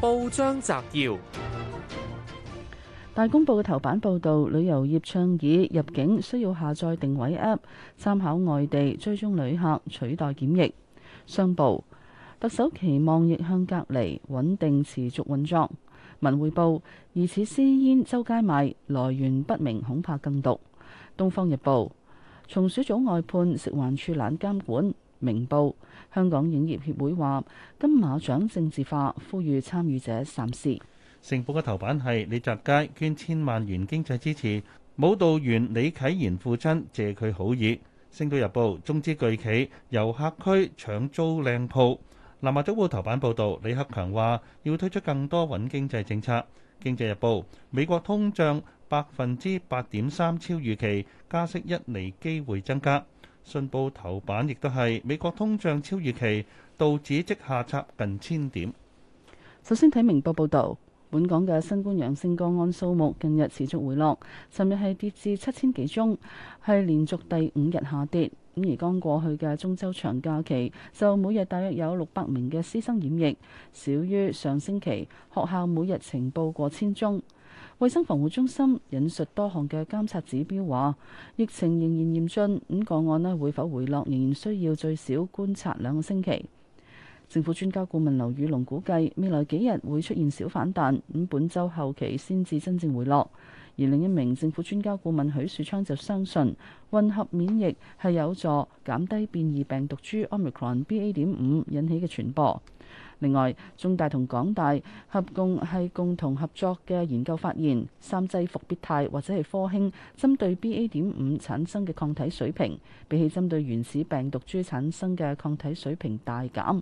報章摘要：大公報嘅頭版報道，旅遊業倡議入境需要下載定位 App，參考外地追蹤旅客，取代檢疫。商報：特首期望逆向隔離穩定持續運作。文匯報：疑似私煙周街賣，來源不明，恐怕更毒。東方日報：松鼠組外判，食環處懶監管。明報，香港影業協會話金馬獎政治化，呼籲參與者暫時。成報嘅頭版係李澤楷捐千萬元經濟支持，舞蹈員李啟賢父親謝佢好意。星島日報，中資巨企遊客區搶租靚鋪。南華早報頭版報導李克強話要推出更多穩經濟政策。經濟日報，美國通脹百分之八點三超預期，加息一厘機會增加。信報頭版亦都係美國通脹超預期，道指即下插近千點。首先睇明報報道，本港嘅新冠陽性個案數目近日持續回落，尋日係跌至七千幾宗，係連續第五日下跌。咁而剛過去嘅中秋長假期，就每日大約有六百名嘅師生染疫，少於上星期學校每日呈報過千宗。衛生防護中心引述多項嘅監測指標話，疫情仍然嚴峻，咁個案呢會否回落仍然需要最少觀察兩個星期。政府專家顧問劉宇龍估計，未來幾日會出現小反彈，咁本周後期先至真正回落。而另一名政府專家顧問許樹昌就相信，混合免疫係有助減低變異病毒株 Omicron BA. 點五引起嘅傳播。另外，中大同港大合共係共同合作嘅研究發現，三劑復必泰或者係科興針對 B A. 點五產生嘅抗體水平，比起針對原始病毒株產生嘅抗體水平大減。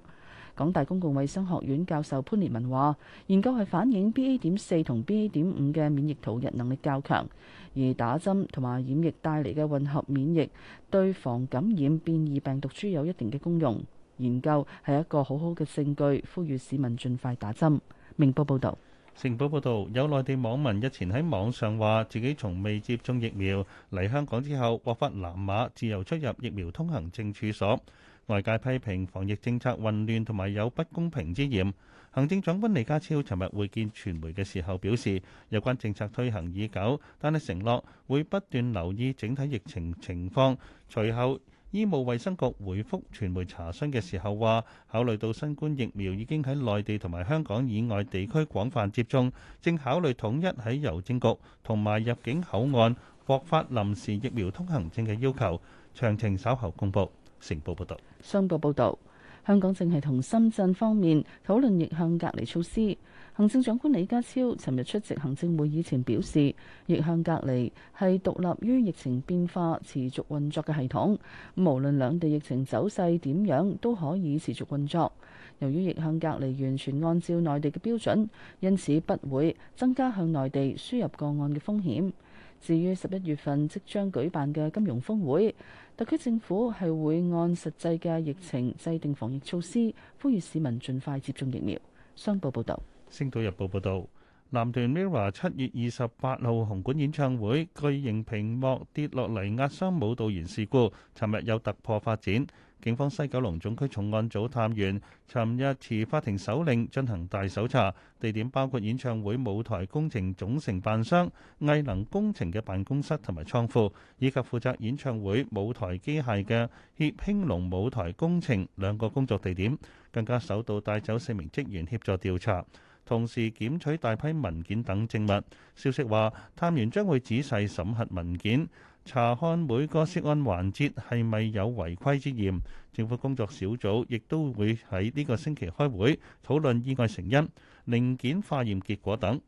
港大公共衛生學院教授潘烈文話，研究係反映 B A. 點四同 B A. 點五嘅免疫逃逸能力較強，而打針同埋染疫帶嚟嘅混合免疫對防感染變異病毒株有一定嘅功用。研究係一個好好嘅證據，呼籲市民盡快打針。明報報導，成報報導，有內地網民日前喺網上話自己從未接種疫苗，嚟香港之後獲發藍碼，自由出入疫苗通行證處所。外界批評防疫政策混亂同埋有不公平之嫌。行政長官李家超尋日會見傳媒嘅時候表示，有關政策推行已久，但係承諾會不斷留意整體疫情情況。隨後醫務衛生局回覆傳媒查詢嘅時候話，考慮到新冠疫苗已經喺內地同埋香港以外地區廣泛接種，正考慮統一喺郵政局同埋入境口岸獲發臨時疫苗通行證嘅要求，詳情稍後公布。成報報道，商報報導，香港正係同深圳方面討論逆向隔離措施。行政長官李家超尋日出席行政會議前表示，逆向隔離係獨立於疫情變化持續運作嘅系統，無論兩地疫情走勢點樣都可以持續運作。由於逆向隔離完全按照內地嘅標準，因此不會增加向內地輸入個案嘅風險。至於十一月份即將舉辦嘅金融峰會，特區政府係會按實際嘅疫情制定防疫措施，呼籲市民盡快接種疫苗。商報報道。星島日報報道，男團 MIRROR 七月二十八號紅館演唱會巨型屏幕跌落嚟，壓傷舞蹈員事故，尋日有突破發展。警方西九龍總區重案組探員尋日持法庭手令進行大搜查，地點包括演唱會舞台工程總承辦商藝能工程嘅辦公室同埋倉庫，以及負責演唱會舞台機械嘅協興隆舞台工程兩個工作地點，更加首度帶走四名職員協助調查。同時檢取大批文件等證物。消息話，探員將會仔細審核文件，查看每個涉案環節係咪有違規之嫌。政府工作小組亦都會喺呢個星期開會，討論意外成因、零件化驗結果等。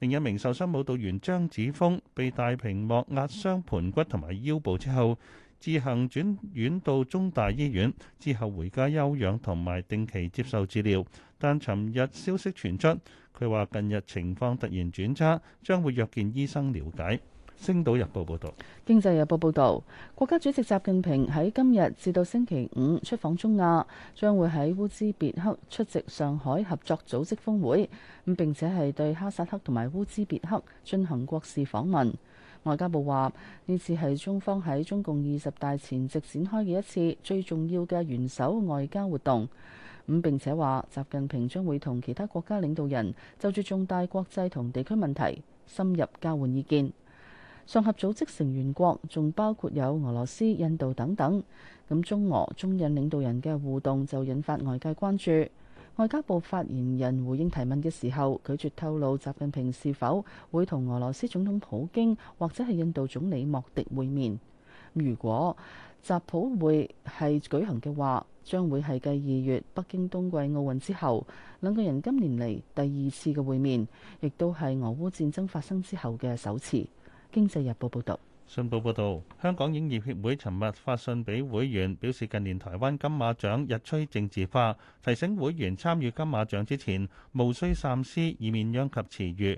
另一名受傷舞蹈員張子峰被大屏幕壓傷盤骨同埋腰部之後，自行轉院到中大醫院，之後回家休養同埋定期接受治療。但尋日消息傳出，佢話近日情況突然轉差，將會約見醫生了解。星島日報報導，經濟日報報導，國家主席習近平喺今日至到星期五出訪中亞，將會喺烏茲別克出席上海合作組織峰會，咁並且係對哈薩克同埋烏茲別克進行國事訪問。外交部話：呢次係中方喺中共二十大前夕展開嘅一次最重要嘅元首外交活動。咁並且話，習近平將會同其他國家領導人就住重大國際同地區問題深入交換意見。上合組織成員國仲包括有俄羅斯、印度等等。咁中俄、中印領導人嘅互動就引發外界關注。外交部發言人回應提問嘅時候，拒絕透露習近平是否會同俄羅斯總統普京或者係印度總理莫迪會面。如果習普會係舉行嘅話，將會係繼二月北京冬季奧運之後，兩個人今年嚟第二次嘅會面，亦都係俄烏戰爭發生之後嘅首次。經濟日報報道。信報報道，香港影業協會尋日發信俾會員，表示近年台灣金馬獎日趨政治化，提醒會員參與金馬獎之前，毋需三思，以免殃及池魚。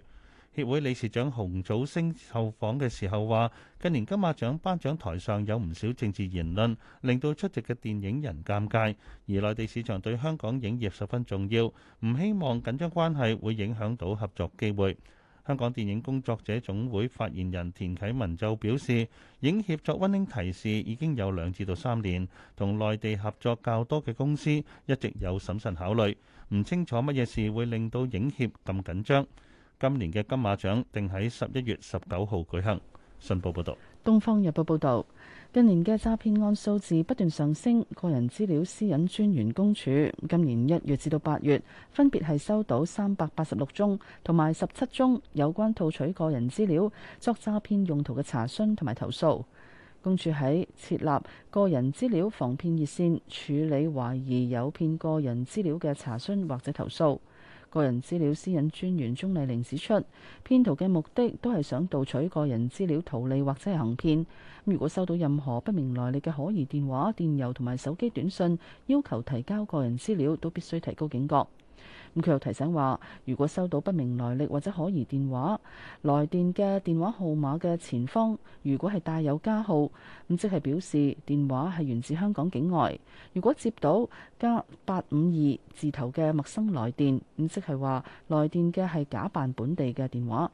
協會理事長洪祖星受訪嘅時候話，近年金馬獎頒，頒獎台上有唔少政治言論，令到出席嘅電影人尷尬。而內地市場對香港影業十分重要，唔希望緊張關係會影響到合作機會。香港電影工作者總會發言人田啟文就表示，影協作溫馨提示已經有兩至到三年，同內地合作較多嘅公司一直有審慎考慮，唔清楚乜嘢事會令到影協咁緊張，今年嘅金馬獎定喺十一月十九號舉行。信報報道，《東方日報》報道：近年嘅詐騙案數字不斷上升，個人資料私隱專員公署今年一月至到八月，分別係收到三百八十六宗同埋十七宗有關套取個人資料作詐騙用途嘅查詢同埋投訴。公署喺設立個人資料防騙熱線，處理懷疑有騙個人資料嘅查詢或者投訴。個人資料私隱專員鍾麗玲指出，騙徒嘅目的都係想盜取個人資料圖利或者係行騙。如果收到任何不明來歷嘅可疑電話、電郵同埋手機短信，要求提交個人資料，都必須提高警覺。咁佢又提醒話，如果收到不明來歷或者可疑電話，來電嘅電話號碼嘅前方如果係帶有加號，咁即係表示電話係源自香港境外。如果接到加八五二字頭嘅陌生來電，咁即係話來電嘅係假扮本地嘅電話。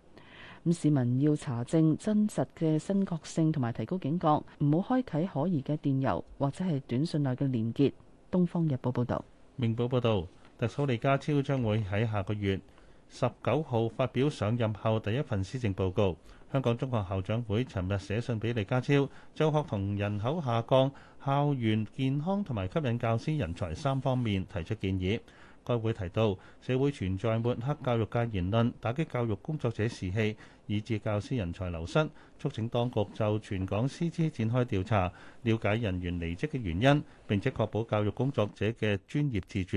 咁市民要查證真實嘅新確性，同埋提高警覺，唔好開啟可疑嘅電郵或者係短信內嘅連結。《東方日報》報道，明報報道。特首李家超將會喺下個月十九號發表上任後第一份施政報告。香港中學校長會尋日寫信俾李家超，就學童人口下降、校園健康同埋吸引教師人才三方面提出建議。該會提到，社會存在抹黑教育界言論，打擊教育工作者士氣，以致教師人才流失，促請當局就全港師資展開調查，了解人員離職嘅原因，並且確保教育工作者嘅專業自主。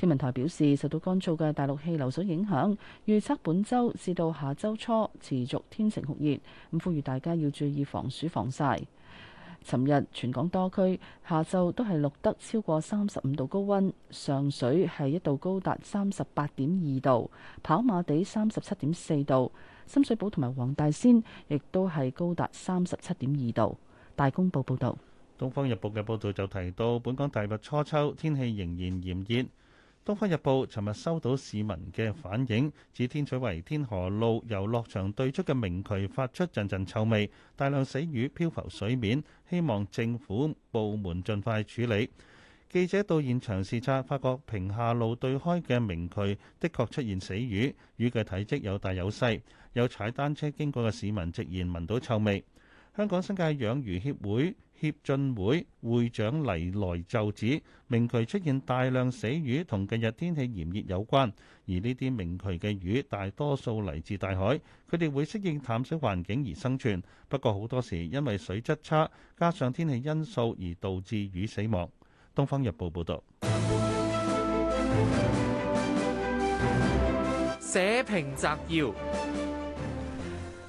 天文台表示，受到乾燥嘅大陸氣流所影響，預測本週至到下周初持續天晴酷熱，咁呼籲大家要注意防暑防曬。尋日全港多區下晝都係錄得超過三十五度高溫，上水係一度高達三十八點二度，跑馬地三十七點四度，深水埗同埋黃大仙亦都係高達三十七點二度。大公報報導，《東方日報》嘅報導就提到，本港踏入初秋，天氣仍然炎熱。東方日報尋日收到市民嘅反映，指天水圍天河路遊樂場對出嘅明渠發出陣陣臭味，大量死魚漂浮水面，希望政府部門盡快處理。記者到現場視察，發覺屏廈路對開嘅明渠的確出現死魚，魚嘅體積有大有細，有踩單車經過嘅市民直言聞到臭味。香港新界養魚協會協進會會長黎來就指，明渠出現大量死魚同近日天氣炎熱有關，而呢啲明渠嘅魚大多數嚟自大海，佢哋會適應淡水環境而生存，不過好多時因為水質差加上天氣因素而導致魚死亡。東方日報報道。社評摘要。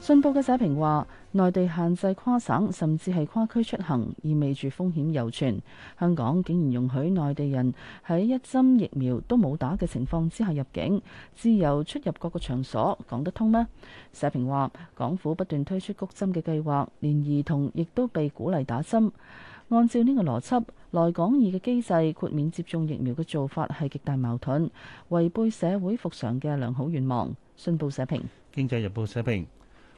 信報嘅社評話：內地限制跨省甚至係跨區出行，意味住風險猶存。香港竟然容許內地人喺一針疫苗都冇打嘅情況之下入境，自由出入各個場所，講得通咩？社評話：港府不斷推出谷針嘅計劃，連兒童亦都被鼓勵打針。按照呢個邏輯，來港易嘅機制豁免接種疫苗嘅做法係極大矛盾，違背社會復常嘅良好願望。信報社評，《經濟日報》社評。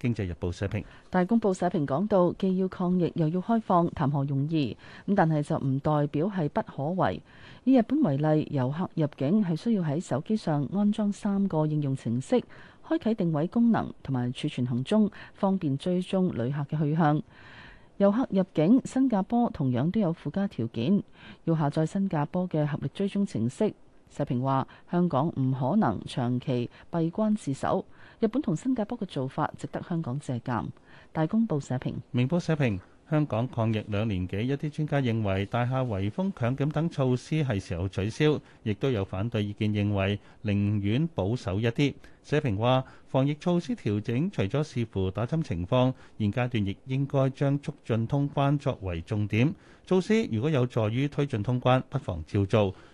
經濟日報社評，大公報社評講到，既要抗疫又要開放，談何容易？咁但係就唔代表係不可為。以日本為例，遊客入境係需要喺手機上安裝三個應用程式，開啟定位功能同埋儲存行蹤，方便追蹤旅客嘅去向。遊客入境新加坡同樣都有附加條件，要下載新加坡嘅合力追蹤程式。社評話：香港唔可能長期閉關自守，日本同新加坡嘅做法值得香港借鑑。大公報社評、明報社評，香港抗疫兩年幾，一啲專家認為大廈圍封、強檢等措施係時候取消，亦都有反對意見認為寧願保守一啲。社評話：防疫措施調整，除咗視乎打針情況，現階段亦應該將促進通關作為重點。措施如果有助於推進通關，不妨照做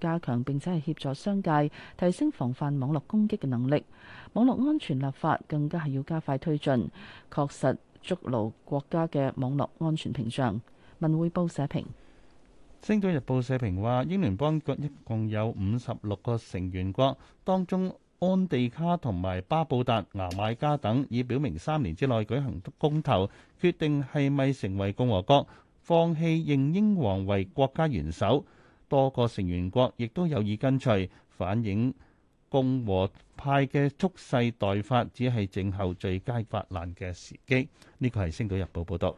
加強並且係協助商界提升防範網絡攻擊嘅能力，網絡安全立法更加係要加快推進，確實築牢國家嘅網絡安全屏障。文匯報社評，《星島日報》社評話：英聯邦國一共有五十六個成員國，當中安地卡同埋巴布達、牙買加等已表明三年之內舉行公投，決定係咪成為共和國，放棄認英皇為國家元首。多個成員國亦都有意跟隨，反映共和派嘅蓄勢待發，只係靜候最佳發難嘅時機。呢個係《星島日報》報導。